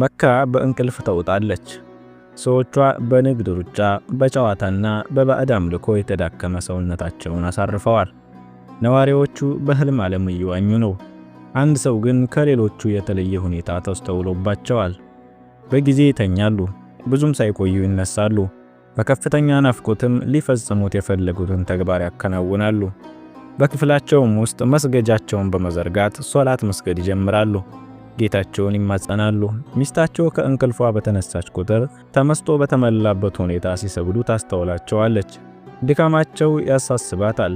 መካ በእንቅልፍ ተውጣለች። ሰዎቿ በንግድ ሩጫ፣ በጨዋታና በባዕድ አምልኮ የተዳከመ ሰውነታቸውን አሳርፈዋል። ነዋሪዎቹ በሕልም ዓለም እየዋኙ ነው። አንድ ሰው ግን ከሌሎቹ የተለየ ሁኔታ ተስተውሎባቸዋል። በጊዜ ይተኛሉ፣ ብዙም ሳይቆዩ ይነሳሉ። በከፍተኛ ናፍቆትም ሊፈጽሙት የፈለጉትን ተግባር ያከናውናሉ። በክፍላቸውም ውስጥ መስገጃቸውን በመዘርጋት ሶላት መስገድ ይጀምራሉ። ጌታቸውን ይማጸናሉ። ሚስታቸው ከእንቅልፏ በተነሳች ቁጥር ተመስጦ በተሞላበት ሁኔታ ሲሰግዱ ታስተውላቸዋለች። ድካማቸው ያሳስባታል።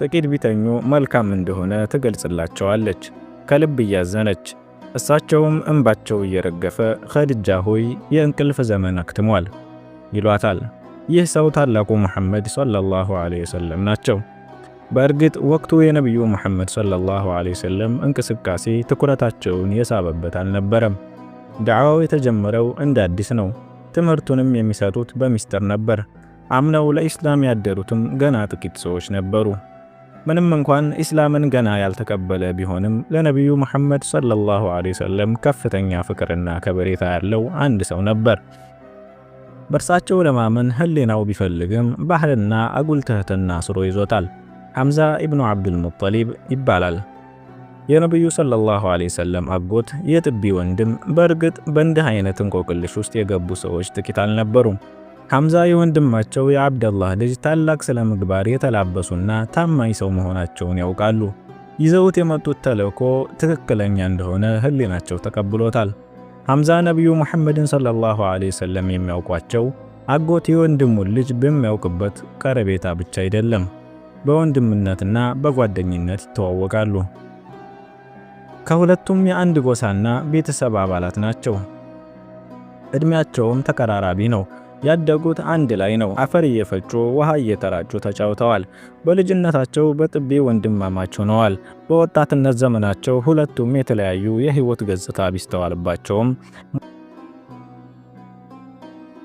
ጥቂት ቢተኙ መልካም እንደሆነ ትገልጽላቸዋለች ከልብ እያዘነች። እሳቸውም እንባቸው እየረገፈ ኸድጃ ሆይ የእንቅልፍ ዘመን አክትሟል ይሏታል። ይህ ሰው ታላቁ መሐመድ ሰለላሁ ዐለይሂ ወሰለም ናቸው። በእርግጥ ወቅቱ የነቢዩ ሙሐመድ ሰለላሁ ዐለይሂ ወሰለም እንቅስቃሴ ትኩረታቸውን የሳበበት አልነበረም። ዳዕዋው የተጀመረው እንደ አዲስ ነው። ትምህርቱንም የሚሰጡት በሚስጥር ነበር። አምነው ለኢስላም ያደሩትም ገና ጥቂት ሰዎች ነበሩ። ምንም እንኳን ኢስላምን ገና ያልተቀበለ ቢሆንም ለነቢዩ ሙሐመድ ሰለላሁ ዐለይሂ ወሰለም ከፍተኛ ፍቅርና ከበሬታ ያለው አንድ ሰው ነበር። በእርሳቸው ለማመን ህሊናው ቢፈልግም ባህልና አጉል ትህትና ስሮ ይዞታል። ሐምዛ ኢብኑ ዓብዱልሙጠሊብ ይባላል። የነቢዩ ሰለላሁ ዐለይሂ ወሰለም አጎት የጥቢ ወንድም። በእርግጥ በእንዲህ አይነት እንቆቅልሽ ውስጥ የገቡ ሰዎች ጥቂት አልነበሩም። ሐምዛ የወንድማቸው የአብደላህ ልጅ ታላቅ ስለ ምግባር የተላበሱና ታማኝ ሰው መሆናቸውን ያውቃሉ። ይዘውት የመጡት ተልእኮ ትክክለኛ እንደሆነ ህሊናቸው ተቀብሎታል። ሐምዛ ነቢዩ ሙሐመድን ሰለላሁ ዐለይሂ ወሰለም የሚያውቋቸው አጎት የወንድሙን ልጅ በሚያውቅበት ቀረቤታ ብቻ አይደለም በወንድምነትና በጓደኝነት ይተዋወቃሉ። ከሁለቱም የአንድ ጎሳና ቤተሰብ አባላት ናቸው። እድሜያቸውም ተቀራራቢ ነው። ያደጉት አንድ ላይ ነው። አፈር እየፈጩ ውሃ እየተራጩ ተጫውተዋል። በልጅነታቸው በጥቤ ወንድማማች ሆነዋል። በወጣትነት ዘመናቸው ሁለቱም የተለያዩ የህይወት ገጽታ ቢስተዋልባቸውም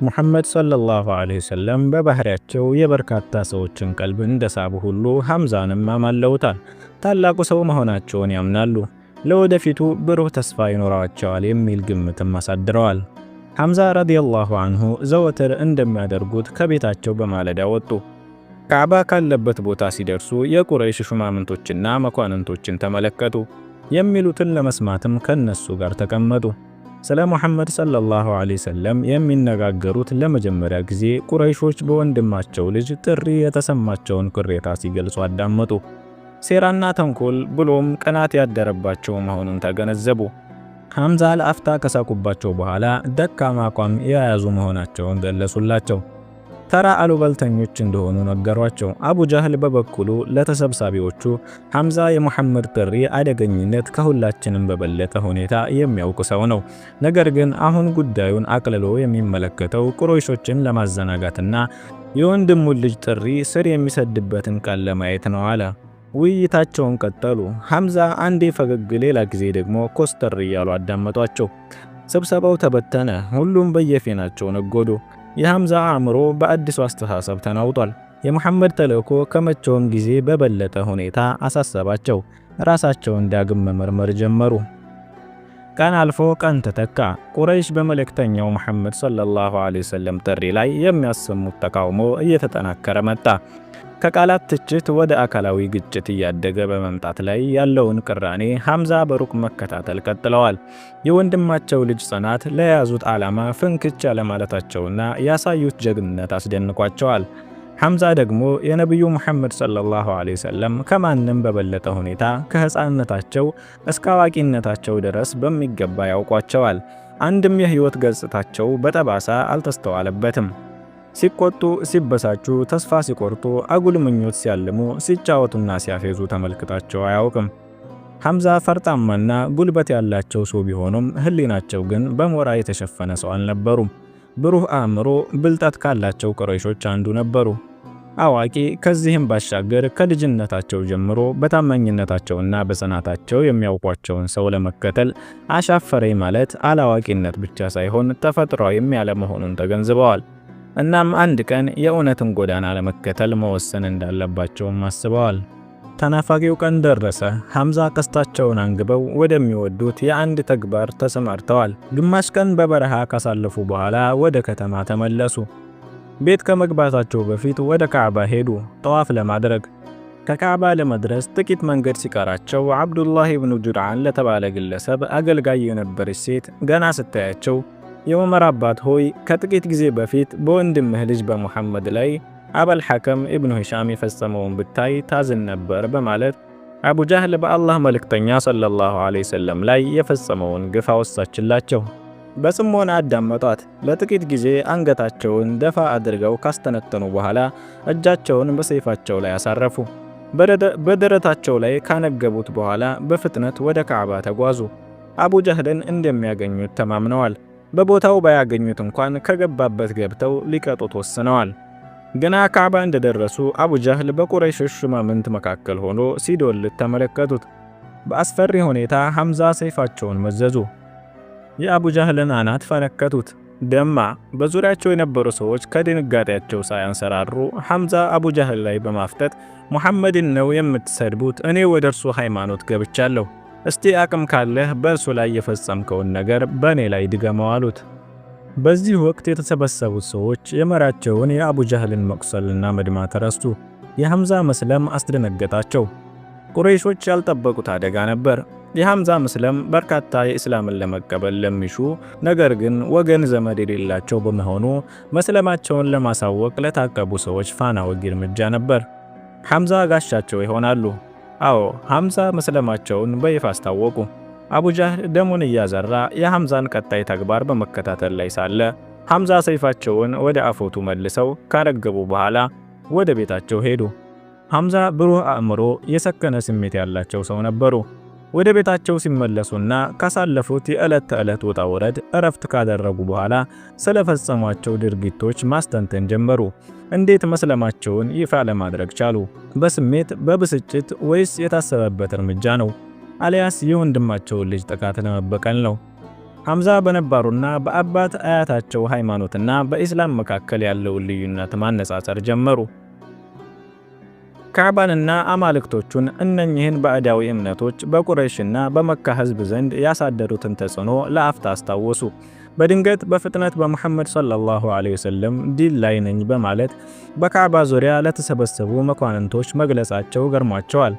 ሙሐመድ ሰለላሁ ዐለይሂ ወሰለም በባህሪያቸው የበርካታ ሰዎችን ቀልብ እንደሳቡ ሁሉ ሐምዛንም አማለውታል። ታላቁ ሰው መሆናቸውን ያምናሉ። ለወደፊቱ ብሩህ ተስፋ ይኖራቸዋል የሚል ግምትም አሳድረዋል። ሐምዛ ረዲየላሁ አንሁ ዘወትር እንደሚያደርጉት ከቤታቸው በማለዳ ወጡ። ካዕባ ካለበት ቦታ ሲደርሱ የቁረይሽ ሹማምንቶችና መኳንንቶችን ተመለከቱ። የሚሉትን ለመስማትም ከነሱ ጋር ተቀመጡ። ስለ ሙሐመድ ሰለላሁ ዐለይሂ ወሰለም የሚነጋገሩት ለመጀመሪያ ጊዜ ቁረይሾች በወንድማቸው ልጅ ጥሪ የተሰማቸውን ቅሬታ ሲገልጹ አዳመጡ። ሴራና ተንኮል ብሎም ቅናት ያደረባቸው መሆኑን ተገነዘቡ። ሐምዛ ለአፍታ ከሳቁባቸው በኋላ ደካማ አቋም የያዙ መሆናቸውን ገለጹላቸው። ተራ አሉባልተኞች እንደሆኑ ነገሯቸው። አቡ ጃህል በበኩሉ ለተሰብሳቢዎቹ ሐምዛ የሙሐመድ ጥሪ አደገኝነት ከሁላችንም በበለጠ ሁኔታ የሚያውቅ ሰው ነው፣ ነገር ግን አሁን ጉዳዩን አቅልሎ የሚመለከተው ቁረይሾችን ለማዘናጋትና የወንድሙን ልጅ ጥሪ ስር የሚሰድበትን ቀን ለማየት ነው አለ። ውይይታቸውን ቀጠሉ። ሐምዛ አንዴ ፈገግ፣ ሌላ ጊዜ ደግሞ ኮስተር እያሉ አዳመጧቸው። ስብሰባው ተበተነ። ሁሉም በየፊናቸው ነጎዱ። የሐምዛ አእምሮ በአዲሱ አስተሳሰብ ተናውጧል። የመሐመድ ተልእኮ ከመቼውም ጊዜ በበለጠ ሁኔታ አሳሰባቸው። ራሳቸውን ዳግም መመርመር ጀመሩ። ቀን አልፎ ቀን ተተካ። ቁረይሽ በመልእክተኛው መሐመድ ሰለላሁ ዐለይሂ ወሰለም ጥሪ ላይ የሚያሰሙት ተቃውሞ እየተጠናከረ መጣ። ከቃላት ትችት ወደ አካላዊ ግጭት እያደገ በመምጣት ላይ ያለውን ቅራኔ ሐምዛ በሩቅ መከታተል ቀጥለዋል። የወንድማቸው ልጅ ጽናት ለያዙት ዓላማ ፍንክች ያለማለታቸውና ያሳዩት ጀግንነት አስደንቋቸዋል። ሐምዛ ደግሞ የነቢዩ ሙሐመድ ሰለላሁ ዐለይሂ ወሰለም ከማንም በበለጠ ሁኔታ ከሕፃንነታቸው እስከ አዋቂነታቸው ድረስ በሚገባ ያውቋቸዋል። አንድም የሕይወት ገጽታቸው በጠባሳ አልተስተዋለበትም። ሲቆጡ፣ ሲበሳጩ፣ ተስፋ ሲቆርጡ፣ አጉል ምኞት ሲያልሙ፣ ሲጫወቱና ሲያፌዙ ተመልክታቸው አያውቅም። ሐምዛ ፈርጣማና ጉልበት ያላቸው ሰው ቢሆኑም ህሊናቸው ግን በሞራ የተሸፈነ ሰው አልነበሩም። ብሩህ አእምሮ፣ ብልጠት ካላቸው ቁረይሾች አንዱ ነበሩ። አዋቂ ከዚህም ባሻገር ከልጅነታቸው ጀምሮ በታማኝነታቸውና በጽናታቸው የሚያውቋቸውን ሰው ለመከተል አሻፈረኝ ማለት አላዋቂነት ብቻ ሳይሆን ተፈጥሯዊም ያለመሆኑን ተገንዝበዋል። እናም አንድ ቀን የእውነትን ጎዳና ለመከተል መወሰን እንዳለባቸውም አስበዋል። ተናፋቂው ቀን ደረሰ። ሐምዛ ቀስታቸውን አንግበው ወደሚወዱት የአንድ ተግባር ተሰማርተዋል። ግማሽ ቀን በበረሃ ካሳለፉ በኋላ ወደ ከተማ ተመለሱ። ቤት ከመግባታቸው በፊት ወደ ካዕባ ሄዱ ጠዋፍ ለማድረግ። ከካዕባ ለመድረስ ጥቂት መንገድ ሲቀራቸው አብዱላህ ኢብኑ ጁድዓን ለተባለ ግለሰብ አገልጋይ የነበረች ሴት ገና ስታያቸው የዑመር አባት ሆይ ከጥቂት ጊዜ በፊት በወንድምህ ልጅ በሙሐመድ ላይ አበል ሐከም ኢብኑ ሂሻም የፈጸመውን ብታይ ታዝን ነበር በማለት አቡ ጃህል በአላህ መልእክተኛ ሰለላሁ ዐለይሂ ወሰለም ላይ የፈጸመውን ግፍ አወሳችላቸው። በጽሞና አዳመጧት። ለጥቂት ጊዜ አንገታቸውን ደፋ አድርገው ካስተነተኑ በኋላ እጃቸውን በሰይፋቸው ላይ አሳረፉ። በደረታቸው ላይ ካነገቡት በኋላ በፍጥነት ወደ ካዕባ ተጓዙ። አቡ ጀህልን እንደሚያገኙት ተማምነዋል። በቦታው ባያገኙት እንኳን ከገባበት ገብተው ሊቀጡት ወስነዋል። ግና ካዕባ እንደደረሱ አቡ ጀህል በቁረይሽ ሹማምንት መካከል ሆኖ ሲዶልት ተመለከቱት። በአስፈሪ ሁኔታ ሐምዛ ሰይፋቸውን መዘዙ። የአቡ ጃህልን አናት ፈነከቱት። ደማ። በዙሪያቸው የነበሩ ሰዎች ከድንጋጤያቸው ሳያንሰራሩ ሐምዛ አቡ ጃህል ላይ በማፍጠጥ ሙሐመድን ነው የምትሰድቡት? እኔ ወደ እርሱ ሃይማኖት ገብቻለሁ። እስቲ አቅም ካለህ በእርሱ ላይ የፈጸምከውን ነገር በእኔ ላይ ድገመው አሉት። በዚህ ወቅት የተሰበሰቡት ሰዎች የመራቸውን የአቡ ጃህልን መቁሰልና መድማት ረሱ። የሐምዛ መስለም አስደነገጣቸው። ቁረይሾች ያልጠበቁት አደጋ ነበር። የሐምዛ ምስለም በርካታ የእስላምን ለመቀበል ለሚሹ ነገር ግን ወገን ዘመድ የሌላቸው በመሆኑ መስለማቸውን ለማሳወቅ ለታቀቡ ሰዎች ፋና ወጊ እርምጃ ነበር። ሐምዛ ጋሻቸው ይሆናሉ። አዎ ሐምዛ መስለማቸውን በይፋ አስታወቁ። አቡጃህል ደሙን እያዘራ የሐምዛን ቀጣይ ተግባር በመከታተል ላይ ሳለ ሐምዛ ሰይፋቸውን ወደ አፎቱ መልሰው ካረገቡ በኋላ ወደ ቤታቸው ሄዱ። ሐምዛ ብሩህ አእምሮ፣ የሰከነ ስሜት ያላቸው ሰው ነበሩ። ወደ ቤታቸው ሲመለሱና ካሳለፉት የዕለት ተዕለት ውጣ ውረድ እረፍት ካደረጉ በኋላ ስለፈጸሟቸው ድርጊቶች ማስተንተን ጀመሩ። እንዴት መስለማቸውን ይፋ ለማድረግ ቻሉ? በስሜት በብስጭት፣ ወይስ የታሰበበት እርምጃ ነው? አሊያስ የወንድማቸውን ልጅ ጥቃት ለመበቀል ነው? ሐምዛ በነባሩና በአባት አያታቸው ሃይማኖትና በኢስላም መካከል ያለውን ልዩነት ማነጻጸር ጀመሩ። ካዕባንና አማልክቶቹን እነኚህን ባዕዳዊ እምነቶች በቁረይሽና በመካ ህዝብ ዘንድ ያሳደሩትን ተጽዕኖ ለአፍታ አስታወሱ። በድንገት በፍጥነት በሙሐመድ ሰለላሁ ዐለይሂ ወሰለም ዲል ላይ ነኝ በማለት በካዕባ ዙሪያ ለተሰበሰቡ መኳንንቶች መግለጻቸው ገርሟቸዋል።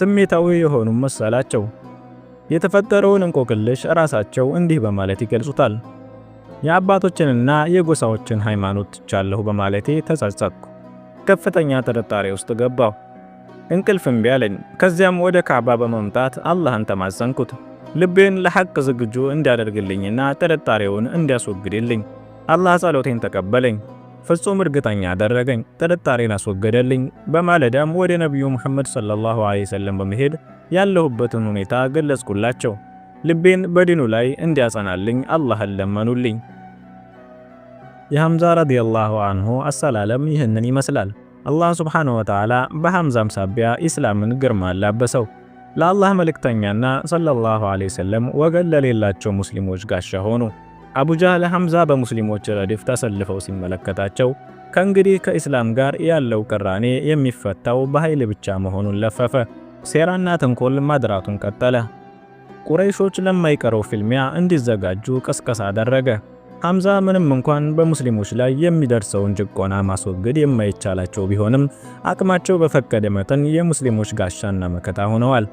ስሜታዊ የሆኑ መሰላቸው። የተፈጠረውን እንቆቅልሽ ራሳቸው እንዲህ በማለት ይገልጹታል። የአባቶችንና የጎሳዎችን ሃይማኖት ትቻለሁ በማለቴ ተጸጸጥኩ። ከፍተኛ ጥርጣሬ ውስጥ ገባሁ። እንቅልፍ እምቢ አለኝ። ከዚያም ወደ ካዕባ በመምጣት አላህን ተማጸንኩት፣ ልቤን ለሐቅ ዝግጁ እንዲያደርግልኝና ጥርጣሬውን እንዲያስወግድልኝ። አላህ ጸሎቴን ተቀበለኝ፣ ፍጹም እርግጠኛ አደረገኝ፣ ጥርጣሬን አስወገደልኝ። በማለዳም ወደ ነቢዩ ሙሐመድ ሰለላሁ ዐለይሂ ወሰለም በመሄድ ያለሁበትን ሁኔታ ገለጽኩላቸው። ልቤን በዲኑ ላይ እንዲያጸናልኝ አላህን ለመኑልኝ። የሐምዛ ረዲየላሁ አንሁ አሰላለም ይህንን ይመስላል። አላህ ስብሓነ ወተዓላ በሐምዛም ሳቢያ ኢስላምን ግርማ አላበሰው። ለአላህ መልእክተኛና ሰለላሁ ዐለይሂ ወሰለም ወገን ለሌላቸው ሙስሊሞች ጋሻ ሆኑ። አቡጃህል ሐምዛ በሙስሊሞች ረድፍ ተሰልፈው ሲመለከታቸው ከእንግዲህ ከኢስላም ጋር ያለው ቅራኔ የሚፈታው በኃይል ብቻ መሆኑን ለፈፈ። ሴራና ተንኮል ማድራቱን ቀጠለ። ቁረይሾች ለማይቀረው ፍልሚያ እንዲዘጋጁ ቅስቀሳ አደረገ። ሐምዛ ምንም እንኳን በሙስሊሞች ላይ የሚደርሰውን ጭቆና ማስወገድ የማይቻላቸው ቢሆንም አቅማቸው በፈቀደ መጠን የሙስሊሞች ጋሻና መከታ ሆነዋል።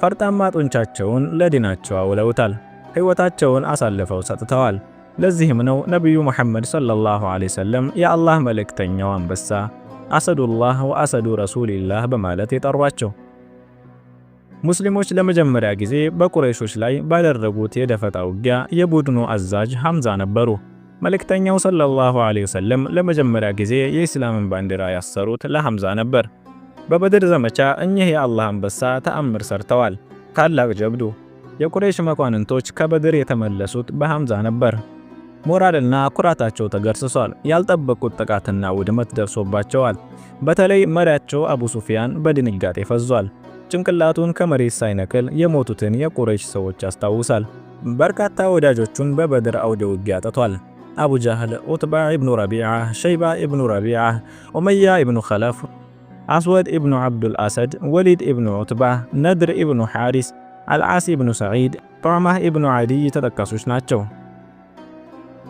ፈርጣማ ጡንቻቸውን ለዲናቸው አውለውታል። ሕይወታቸውን አሳልፈው ሰጥተዋል። ለዚህም ነው ነቢዩ መሐመድ ሰለላሁ ዐለይሂ ወሰለም የአላህ መልእክተኛው አንበሳ አሰዱላህ ወአሰዱ ረሱሊላህ በማለት የጠሯቸው። ሙስሊሞች ለመጀመሪያ ጊዜ በቁረይሾች ላይ ባደረጉት የደፈጣ ውጊያ የቡድኑ አዛዥ ሐምዛ ነበሩ። መልእክተኛው ሰለላሁ ዐለይሂ ወሰለም ለመጀመሪያ ጊዜ የኢስላምን ባንዲራ ያሰሩት ለሐምዛ ነበር። በበድር ዘመቻ እኚህ የአላህ አንበሳ ተአምር ሰርተዋል። ታላቅ ጀብዱ። የቁረይሽ መኳንንቶች ከበድር የተመለሱት በሐምዛ ነበር። ሞራልና ኩራታቸው ተገርስሷል። ያልጠበቁት ጥቃትና ውድመት ደርሶባቸዋል። በተለይ መሪያቸው አቡ ሱፊያን በድንጋጤ ፈዟል። ጭንቅላቱን ከመሬት ሳይነቅል የሞቱትን የቁረይሽ ሰዎች ያስታውሳል። በርካታ ወዳጆቹን በበድር አውደ ውጊያ አጥቷል። አቡ ጃህል፣ ዑትባ ኢብኑ ረቢዓ፣ ሸይባ ኢብኑ ረቢዓ፣ ኡመያ ኢብኑ ኸለፍ፣ አስወድ ኢብኑ ዓብዱል አሰድ፣ ወሊድ ኢብኑ ዑትባ፣ ነድር ኢብኑ ሓሪስ፣ አልዓስ ኢብኑ ሰዒድ፣ ጦዕማህ ኢብኑ ዓዲይ ተጠቃሾች ናቸው።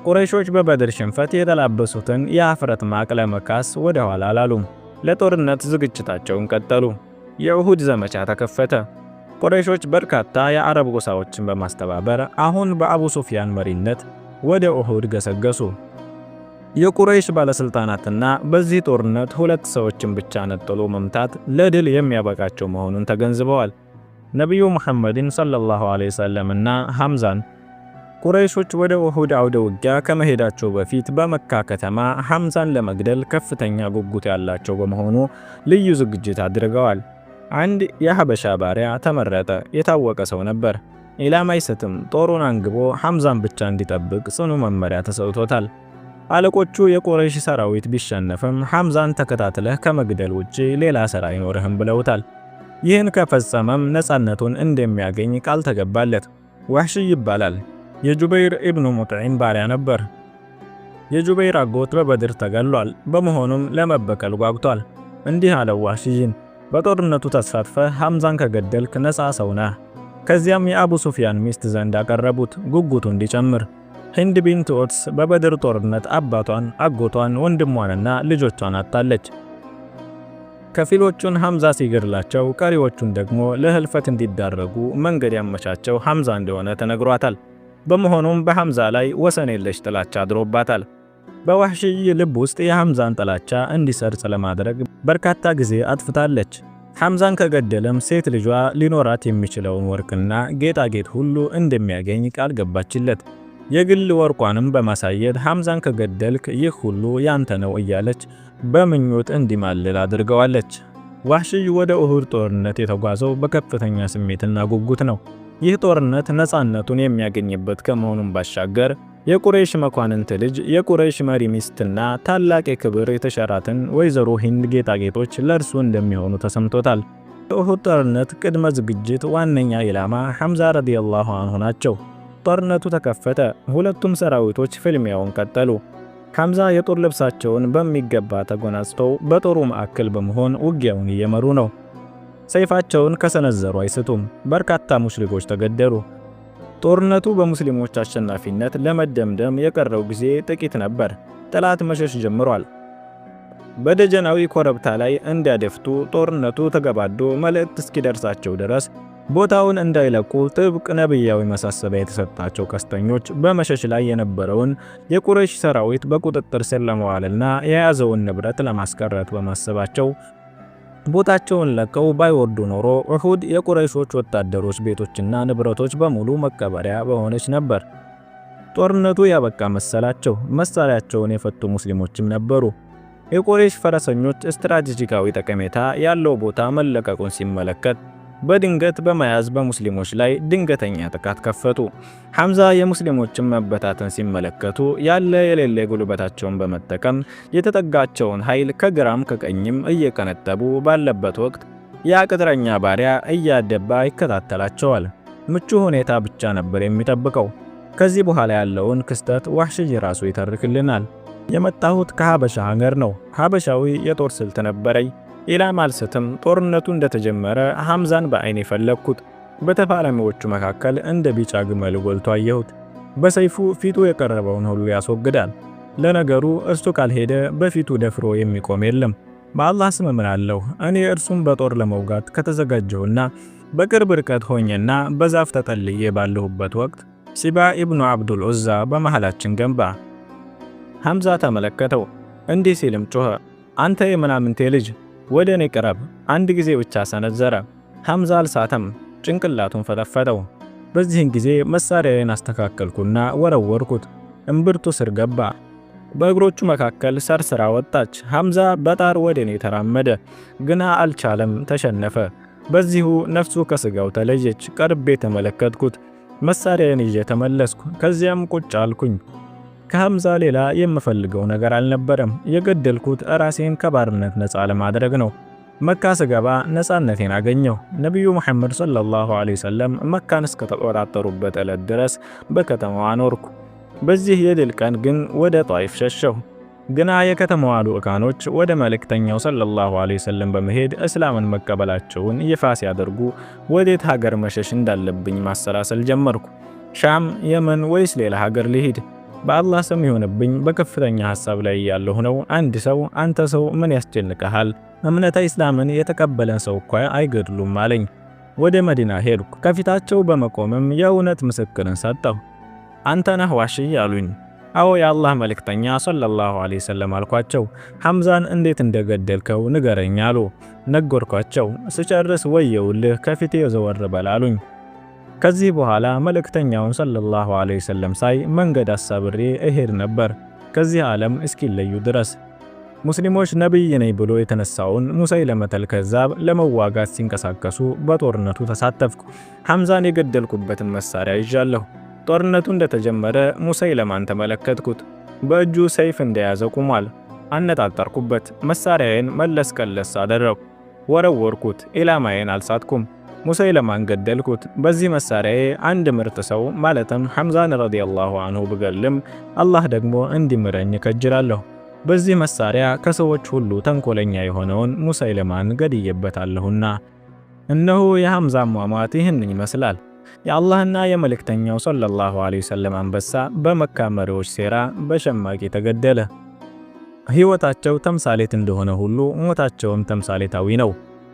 ቁረይሾች በበድር ሽንፈት የተላበሱትን የአፍረት ማቅ ለመካስ ወደ ኋላ አላሉም። ለጦርነት ዝግጅታቸውን ቀጠሉ። የኡሁድ ዘመቻ ተከፈተ። ቁረይሾች በርካታ የአረብ ጎሳዎችን በማስተባበር አሁን በአቡ ሱፊያን መሪነት ወደ ኡሁድ ገሰገሱ። የቁረይሽ ባለስልጣናትና በዚህ ጦርነት ሁለት ሰዎችን ብቻ ነጥሎ መምታት ለድል የሚያበቃቸው መሆኑን ተገንዝበዋል። ነቢዩ ሙሐመድን ሰለላሁ ዐለይሂ ወሰለም እና ሐምዛን። ቁረይሾች ወደ ኡሁድ አውደ ውጊያ ከመሄዳቸው በፊት በመካ ከተማ ሐምዛን ለመግደል ከፍተኛ ጉጉት ያላቸው በመሆኑ ልዩ ዝግጅት አድርገዋል። አንድ የሐበሻ ባሪያ ተመረጠ። የታወቀ ሰው ነበር። ኢላማ አይስትም። ጦሩን አንግቦ ሐምዛን ብቻ እንዲጠብቅ ጽኑ መመሪያ ተሰጥቶታል። አለቆቹ የቁረይሽ ሰራዊት ቢሸነፍም ሐምዛን ተከታትለህ ከመግደል ውጪ ሌላ ሥራ አይኖርህም ብለውታል። ይህን ከፈጸመም ነፃነቱን እንደሚያገኝ ቃል ተገባለት። ዋህሺ ይባላል። የጁበይር ኢብኑ ሙጥዒን ባሪያ ነበር። የጁበይር አጎት በበድር ተገሏል። በመሆኑም ለመበቀል ጓጉቷል። እንዲህ አለው ዋሽይን። በጦርነቱ ተሳትፈ ሐምዛን ከገደልክ ነፃ ሰው ነህ። ከዚያም የአቡ ሱፊያን ሚስት ዘንድ አቀረቡት ጉጉቱ እንዲጨምር። ሂንድ ቢንት ኦትስ በበድር ጦርነት አባቷን፣ አጎቷን፣ ወንድሟንና ልጆቿን አጣለች። ከፊሎቹን ሐምዛ ሲገድላቸው ቀሪዎቹን ደግሞ ለህልፈት እንዲዳረጉ መንገድ ያመቻቸው ሐምዛ እንደሆነ ተነግሯታል። በመሆኑም በሐምዛ ላይ ወሰን የለሽ ጥላቻ አድሮባታል። በዋህሽይ ልብ ውስጥ የሐምዛን ጥላቻ እንዲሰርጽ ለማድረግ በርካታ ጊዜ አጥፍታለች። ሐምዛን ከገደለም ሴት ልጇ ሊኖራት የሚችለውን ወርቅና ጌጣጌጥ ሁሉ እንደሚያገኝ ቃል ገባችለት። የግል ወርቋንም በማሳየት ሐምዛን ከገደልክ ይህ ሁሉ ያንተ ነው እያለች በምኞት እንዲማልል አድርገዋለች። ዋህሽይ ወደ ኡሁድ ጦርነት የተጓዘው በከፍተኛ ስሜትና ጉጉት ነው። ይህ ጦርነት ነፃነቱን የሚያገኝበት ከመሆኑም ባሻገር የቁረይሽ መኳንንት ልጅ የቁረይሽ መሪ ሚስትና ታላቅ የክብር የተሸራትን ወይዘሮ ሂንድ ጌጣጌጦች ለእርሱ እንደሚሆኑ ተሰምቶታል። የኡሁድ ጦርነት ቅድመ ዝግጅት ዋነኛ ኢላማ ሐምዛ ረዲየላሁ አንሁ ናቸው። ጦርነቱ ተከፈተ። ሁለቱም ሰራዊቶች ፍልሚያውን ቀጠሉ። ሐምዛ የጦር ልብሳቸውን በሚገባ ተጎናጽተው በጦሩ ማዕከል በመሆን ውጊያውን እየመሩ ነው። ሰይፋቸውን ከሰነዘሩ አይስቱም። በርካታ ሙሽሪኮች ተገደሉ። ጦርነቱ በሙስሊሞች አሸናፊነት ለመደምደም የቀረው ጊዜ ጥቂት ነበር። ጠላት መሸሽ ጀምሯል። በደጀናዊ ኮረብታ ላይ እንዲያደፍቱ፣ ጦርነቱ ተገባዶ መልእክት እስኪደርሳቸው ድረስ ቦታውን እንዳይለቁ ጥብቅ ነብያዊ ማሳሰቢያ የተሰጣቸው ቀስተኞች በመሸሽ ላይ የነበረውን የቁረይሽ ሰራዊት በቁጥጥር ስር ለመዋልና የያዘውን ንብረት ለማስቀረት በማሰባቸው ቦታቸውን ለቀው ባይወርዱ ኖሮ እሁድ የቁረይሾች ወታደሮች ቤቶችና ንብረቶች በሙሉ መቀበሪያ በሆነች ነበር። ጦርነቱ ያበቃ መሰላቸው። መሳሪያቸውን የፈቱ ሙስሊሞችም ነበሩ። የቁረይሽ ፈረሰኞች ስትራቴጂካዊ ጠቀሜታ ያለው ቦታ መለቀቁን ሲመለከት በድንገት በመያዝ በሙስሊሞች ላይ ድንገተኛ ጥቃት ከፈቱ። ሐምዛ የሙስሊሞችን መበታተን ሲመለከቱ ያለ የሌለ ጉልበታቸውን በመጠቀም የተጠጋቸውን ኃይል ከግራም ከቀኝም እየቀነጠቡ ባለበት ወቅት የአቅጥረኛ ባሪያ እያደባ ይከታተላቸዋል። ምቹ ሁኔታ ብቻ ነበር የሚጠብቀው። ከዚህ በኋላ ያለውን ክስተት ዋህሽይ ራሱ ይተርክልናል። የመጣሁት ከሀበሻ ሀገር ነው። ሐበሻዊ የጦር ስልት ነበረኝ። ኢላማ አልስትም። ጦርነቱ እንደተጀመረ ሐምዛን በአይኔ ፈለግኩት። በተፋላሚዎቹ መካከል እንደ ቢጫ ግመል ጎልቶ አየሁት። በሰይፉ ፊቱ የቀረበውን ሁሉ ያስወግዳል። ለነገሩ እርሱ ካልሄደ በፊቱ ደፍሮ የሚቆም የለም። በአላህ ስም እምላለሁ እኔ እርሱም በጦር ለመውጋት ከተዘጋጀውና በቅርብ ርቀት ሆኜና በዛፍ ተጠልዬ ባለሁበት ወቅት ሲባ ኢብኑ አብዱል ዑዛ በመሃላችን ገንባ። ሐምዛ ተመለከተው፣ እንዲህ ሲልም ጮኸ፣ አንተ የምናምንቴ ልጅ ወደ እኔ ቅረብ፣ አንድ ጊዜ ብቻ ሰነዘረ። ሐምዛ አልሳተም፣ ጭንቅላቱን ፈጠፈጠው። በዚህን ጊዜ መሳሪያዬን አስተካከልኩና ወረወርኩት። እምብርቱ ስር ገባ። በእግሮቹ መካከል ሰርስራ ወጣች። ሐምዛ በጣር ወደ እኔ ተራመደ፣ ግና አልቻለም፣ ተሸነፈ። በዚሁ ነፍሱ ከስጋው ተለየች። ቀርቤ ተመለከትኩት። መሳሪያዬን ይዤ ተመለስኩ። ከዚያም ቁጭ አልኩኝ። ከሐምዛ ሌላ የምፈልገው ነገር አልነበረም። የገደልኩት ራሴን ከባርነት ነፃ ለማድረግ ነው። መካ ስገባ ነፃነቴን አገኘው። ነቢዩ መሐመድ ሰለላሁ ዐለይሂ ወሰለም መካን እስከተቆጣጠሩበት ዕለት ድረስ በከተማዋ ኖርኩ። በዚህ የድል ቀን ግን ወደ ጣይፍ ሸሸሁ። ግና የከተማዋ ልዑካኖች ወደ መልእክተኛው ሰለላሁ ዐለይሂ ወሰለም በመሄድ እስላምን መቀበላቸውን ይፋ ሲያደርጉ ወዴት ሀገር መሸሽ እንዳለብኝ ማሰላሰል ጀመርኩ። ሻም፣ የመን ወይስ ሌላ ሀገር ልሂድ? በአላህ ስም ይሆንብኝ በከፍተኛ ሐሳብ ላይ ያለሁ ነው። አንድ ሰው አንተ ሰው ምን ያስጨንቀሃል? እምነተ ኢስላምን የተቀበለን ሰው እኳ አይገድሉም አለኝ። ወደ መዲና ሄድኩ። ከፊታቸው በመቆምም የእውነት ምስክርን ሰጠሁ። አንተ ነህ ዋሽይ አሉኝ። አዎ የአላህ መልእክተኛ ሰለላሁ ዐለይሂ ወሰለም አልኳቸው። ሐምዛን እንዴት እንደገደልከው ንገረኝ አሉ። ነገርኳቸው። ስጨርስ ወየውልህ ከፊቴ ዘወር በል አሉኝ። ከዚህ በኋላ መልእክተኛውን ሰለላሁ ዐለይሂ ወሰለም ሳይ መንገድ አሳብሬ እሄድ ነበር ከዚህ ዓለም እስኪለዩ ድረስ። ሙስሊሞች ነቢይ ነኝ ብሎ የተነሳውን ለመተል ከዛብ ለመዋጋት ሲንቀሳቀሱ በጦርነቱ ተሳተፍኩ። ሐምዛን የገደልኩበትን መሳሪያ ይዣለሁ። ጦርነቱ እንደተጀመረ ሙሰይለማን ተመለከትኩት። በእጁ ሰይፍ እንደያዘ ቁሟል። አነጣጠርኩበት። መሳሪያዬን መለስ ቀለስ አደረኩ ወረወርኩት። ኢላማዬን አልሳትኩም። ሙሴ ለማን ገደልኩት? በዚህ መሳሪያዬ አንድ ምርጥ ሰው ማለትም ሐምዛን ረዲየላሁ አንሁ ብገልም አላህ ደግሞ እንዲምረኝ ከጅላለሁ። በዚህ መሳሪያ ከሰዎች ሁሉ ተንኮለኛ የሆነውን ሙሰይለማን ገድዬበታለሁና። እነሆ የሐምዛ ሟሟት ይህን ይመስላል። የአላህና የመልእክተኛው ሰለላሁ ዐለይሂ ወሰለም አንበሳ በመካ መሪዎች ሴራ በሸማቂ ተገደለ። ሕይወታቸው ተምሳሌት እንደሆነ ሁሉ ሞታቸውም ተምሳሌታዊ ነው።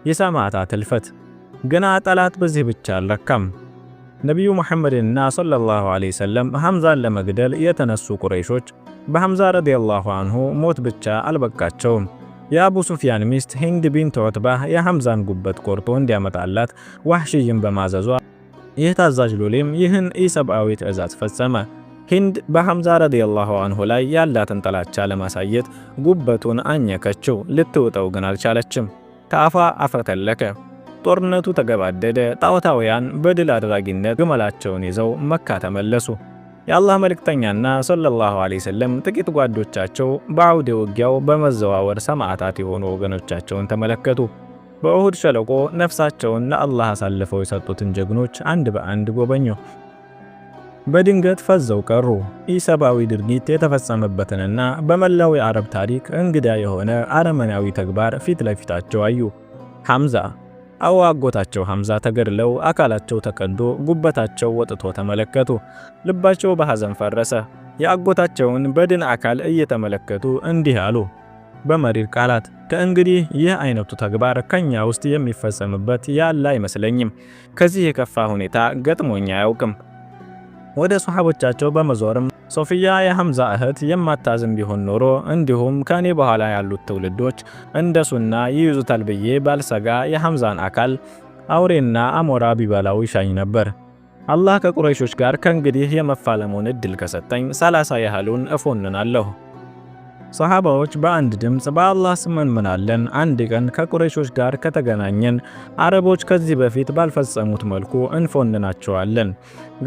የሰማዕታት እልፈት ግና ጠላት በዚህ ብቻ አልረካም። ነቢዩ ሙሐመድና ሰለላሁ ዐለይሂ ወሰለም ሐምዛን ለመግደል የተነሱ ቁረይሾች በሐምዛ ረዲየላሁ አንሁ ሞት ብቻ አልበቃቸውም። የአቡ ሱፊያን ሚስት ሂንድ ቢንት ዑትባህ የሐምዛን ጉበት ቆርጦ እንዲያመጣላት ዋሕሽይን በማዘዟ ይህ ታዛዥ ሎሌም ይህን ኢሰብአዊ ትዕዛዝ ፈጸመ። ሂንድ በሐምዛ ረዲየላሁ አንሁ ላይ ያላትን ጥላቻ ለማሳየት ጉበቱን አኘከችው። ልትውጠው ግን አልቻለችም። ከአፏ አፈር ጦርነቱ ተገባደደ። ጣዖታውያን በድል አድራጊነት ግመላቸውን ይዘው መካ ተመለሱ። የአላህ መልእክተኛና ሰለላሁ ዐለይሂ ወሰለም ጥቂት ጓዶቻቸው በአውደ ውጊያው በመዘዋወር ሰማዕታት የሆኑ ወገኖቻቸውን ተመለከቱ። በኡሁድ ሸለቆ ነፍሳቸውን ለአላህ አሳልፈው የሰጡትን ጀግኖች አንድ በአንድ ጎበኙ። በድንገት ፈዘው ቀሩ። ኢሰብአዊ ድርጊት የተፈጸመበትንና በመላው የአረብ ታሪክ እንግዳ የሆነ አረመናዊ ተግባር ፊት ለፊታቸው አዩ። ሐምዛ አዎ አጎታቸው ሐምዛ ተገድለው አካላቸው ተቀዶ ጉበታቸው ወጥቶ ተመለከቱ። ልባቸው በሐዘን ፈረሰ። የአጎታቸውን በድን አካል እየተመለከቱ እንዲህ አሉ በመሪር ቃላት ከእንግዲህ ይህ አይነቱ ተግባር ከኛ ውስጥ የሚፈጸምበት ያለ አይመስለኝም። ከዚህ የከፋ ሁኔታ ገጥሞኛ አያውቅም። ወደ ሶሐቦቻቸው በመዞርም ሶፊያ የሐምዛ እህት የማታዝም ቢሆን ኖሮ እንዲሁም ከኔ በኋላ ያሉት ትውልዶች እንደሱና ሱና ይይዙታል ብዬ ባልሰጋ የሐምዛን አካል አውሬና አሞራ ቢበላው ይሻኝ ነበር። አላህ ከቁረይሾች ጋር ከእንግዲህ የመፋለሙን እድል ከሰጠኝ ሰላሳ ያህሉን እፎንናለሁ። ሰሃባዎች በአንድ ድምፅ በአላህ ስም እንምናለን፣ አንድ ቀን ከቁረይሾች ጋር ከተገናኘን አረቦች ከዚህ በፊት ባልፈጸሙት መልኩ እንፎንናቸዋለን።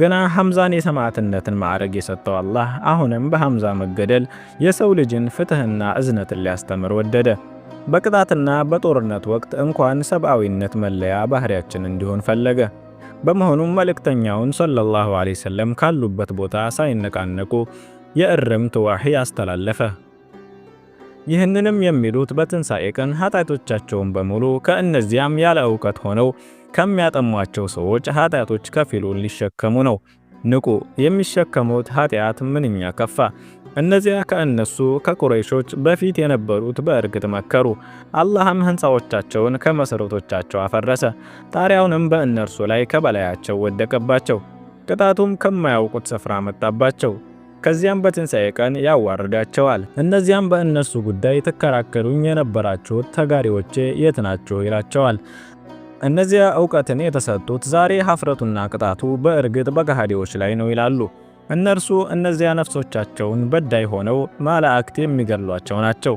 ግና ሐምዛን የሰማዕትነትን ማዕረግ የሰጠው አላህ አሁንም በሐምዛ መገደል የሰው ልጅን ፍትህና እዝነትን ሊያስተምር ወደደ። በቅጣትና በጦርነት ወቅት እንኳን ሰብአዊነት መለያ ባህሪያችን እንዲሆን ፈለገ። በመሆኑም መልእክተኛውን ሰለላሁ ዐለይሂ ወሰለም ካሉበት ቦታ ሳይነቃነቁ የእርምት ዋሒ አስተላለፈ። ይህንንም የሚሉት በትንሣኤ ቀን ኃጢአቶቻቸውን በሙሉ ከእነዚያም ያለ ዕውቀት ሆነው ከሚያጠሟቸው ሰዎች ኃጢአቶች ከፊሉን ሊሸከሙ ነው። ንቁ! የሚሸከሙት ኃጢአት ምንኛ ከፋ! እነዚያ ከእነሱ ከቁረይሾች በፊት የነበሩት በእርግጥ መከሩ። አላህም ሕንፃዎቻቸውን ከመሠረቶቻቸው አፈረሰ፣ ጣሪያውንም በእነርሱ ላይ ከበላያቸው ወደቀባቸው። ቅጣቱም ከማያውቁት ስፍራ መጣባቸው። ከዚያም በትንሣኤ ቀን ያዋርዳቸዋል። እነዚያም በእነሱ ጉዳይ ትከራከሩኝ የነበራችሁት ተጋሪዎቼ የት ናችሁ? ይላቸዋል። እነዚያ እውቀትን የተሰጡት ዛሬ ሀፍረቱና ቅጣቱ በእርግጥ በከሃዲዎች ላይ ነው ይላሉ። እነርሱ እነዚያ ነፍሶቻቸውን በዳይ ሆነው መላእክት የሚገድሏቸው ናቸው።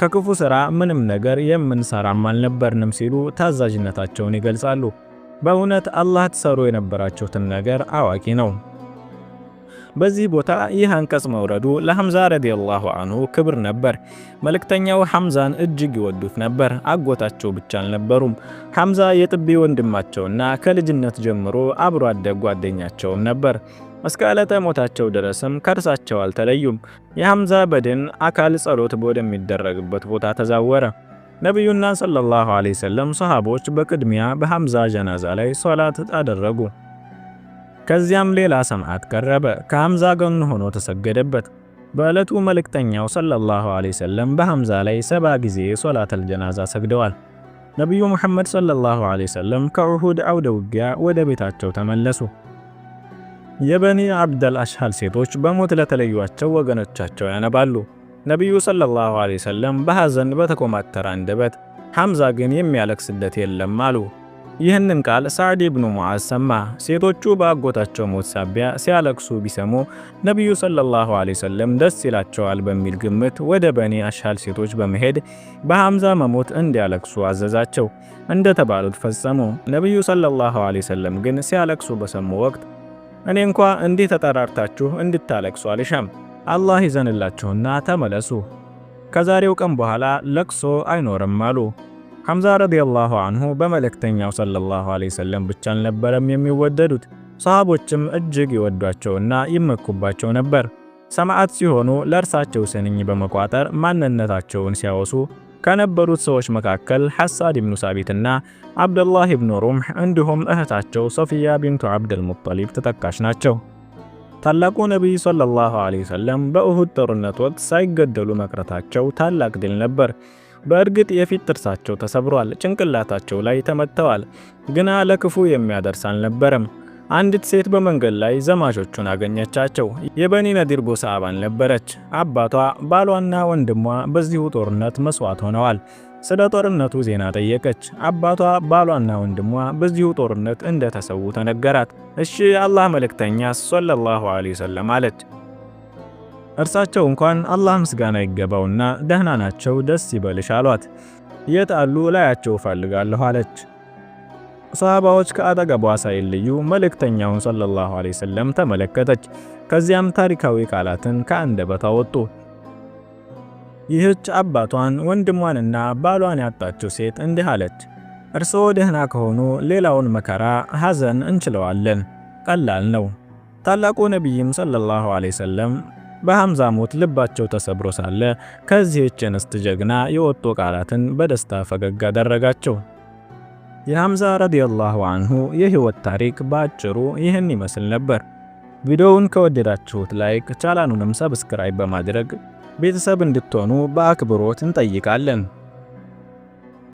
ከክፉ ሥራ ምንም ነገር የምንሰራም አልነበርንም ሲሉ ታዛዥነታቸውን ይገልጻሉ። በእውነት አላህ ትሰሩ የነበራችሁትን ነገር አዋቂ ነው። በዚህ ቦታ ይህ አንቀጽ መውረዱ ለሐምዛ ረዲየላሁ አንሁ ክብር ነበር። መልእክተኛው ሐምዛን እጅግ ይወዱት ነበር። አጎታቸው ብቻ አልነበሩም። ሐምዛ የጥቢ ወንድማቸውና ከልጅነት ጀምሮ አብሮ አደግ ጓደኛቸውም ነበር። እስከ ዕለተ ሞታቸው ድረስም ከእርሳቸው አልተለዩም። የሐምዛ በድን አካል ጸሎት ወደሚደረግበት ቦታ ተዛወረ። ነቢዩና ሰለላሁ ዐለይሂ ወሰለም ሰሃቦች በቅድሚያ በሐምዛ ጀናዛ ላይ ሶላት አደረጉ። ከዚያም ሌላ ሰማዕት ቀረበ፣ ከሐምዛ ጎን ሆኖ ተሰገደበት። በዕለቱ መልእክተኛው ሰለላሁ ዐለይሂ ወሰለም በሐምዛ ላይ ሰባ ጊዜ ሶላተል ጀናዛ ሰግደዋል። ነቢዩ ሙሐመድ ሰለላሁ ዐለይሂ ወሰለም ከኡሁድ አውደ ውጊያ ወደ ቤታቸው ተመለሱ። የበኒ አብደል አሽሃል ሴቶች በሞት ለተለዩአቸው ወገኖቻቸው ያነባሉ። ነቢዩ ሰለላሁ ዐለይሂ ወሰለም በሐዘን በተኮማተረ አንደበት ሐምዛ ግን የሚያለቅስለት የለም አሉ። ይህንን ቃል ሳዕድ ብኑ ሙዓዝ ሰማ። ሴቶቹ በአጎታቸው ሞት ሳቢያ ሲያለቅሱ ቢሰሙ ነቢዩ ሰለላሁ ዐለይሂ ወሰለም ደስ ይላቸዋል በሚል ግምት ወደ በኒ አሻል ሴቶች በመሄድ በሐምዛ መሞት እንዲያለቅሱ አዘዛቸው። እንደተባሉት ፈጸሙ። ነቢዩ ሰለላሁ ዐለይሂ ወሰለም ግን ሲያለቅሱ በሰሙ ወቅት እኔ እንኳ እንዲህ ተጠራርታችሁ እንድታለቅሱ አልሻም፣ አላህ ይዘንላችሁና ተመለሱ፣ ከዛሬው ቀን በኋላ ለቅሶ አይኖርም አሉ። ሐምዛ ረዲየላሁ አንሁ በመልእክተኛው ሰለላሁ ዐለይሂ ወሰለም ብቻ አልነበረም የሚወደዱት፣ ሰሃቦችም እጅግ ይወዷቸውና ይመኩባቸው ነበር። ሰማዕት ሲሆኑ ለእርሳቸው ስንኝ በመቋጠር ማንነታቸውን ሲያወሱ ከነበሩት ሰዎች መካከል ሐሳድ ኢብኑ ሳቢትና አብደላህ ኢብኑ ሩምሕ እንዲሁም እህታቸው ሶፊያ ቢንቱ አብድልሙጠሊብ ተጠቃሽ ናቸው። ታላቁ ነቢይ ሰለላሁ ዐለይሂ ወሰለም በኡሁድ ጦርነት ወቅት ሳይገደሉ መቅረታቸው ታላቅ ድል ነበር። በእርግጥ የፊት ጥርሳቸው ተሰብሯል፣ ጭንቅላታቸው ላይ ተመትተዋል፣ ግና ለክፉ የሚያደርስ አልነበረም። አንዲት ሴት በመንገድ ላይ ዘማቾቹን አገኘቻቸው። የበኒ ነዲር ጎሳ አባል ነበረች። አባቷ ባሏና ወንድሟ በዚሁ ጦርነት መስዋዕት ሆነዋል። ስለ ጦርነቱ ዜና ጠየቀች። አባቷ ባሏና ወንድሟ በዚሁ ጦርነት እንደተሰዉ ተነገራት። እሺ አላህ መልእክተኛ ሰለላሁ ዐለይሂ ወሰለም አለች። እርሳቸው እንኳን አላህ ምስጋና ይገባውና ደህና ናቸው፣ ደስ ይበልሽ አሏት። የት አሉ? ላያቸው እፈልጋለሁ አለች። ሰሃባዎች ከአጠገቧ ሳይለዩ መልእክተኛውን ሰለላሁ ዐለይሂ ወሰለም ተመለከተች። ከዚያም ታሪካዊ ቃላትን ከአንደበቷ ወጡ። ይህች አባቷን ወንድሟንና ባሏን ያጣችው ሴት እንዲህ አለች። እርስዎ ደህና ከሆኑ ሌላውን መከራ፣ ሐዘን እንችለዋለን፣ ቀላል ነው። ታላቁ ነቢይም ሰለላሁ ዐለይሂ ወሰለም በሐምዛ ሞት ልባቸው ተሰብሮ ሳለ ከዚህች እንስት ጀግና የወጡ ቃላትን በደስታ ፈገግ አደረጋቸው። የሐምዛ ረዲየላሁ አንሁ የህይወት ታሪክ በአጭሩ ይህን ይመስል ነበር። ቪዲዮውን ከወደዳችሁት ላይክ፣ ቻናሉንም ሰብስክራይብ በማድረግ ቤተሰብ እንድትሆኑ በአክብሮት እንጠይቃለን።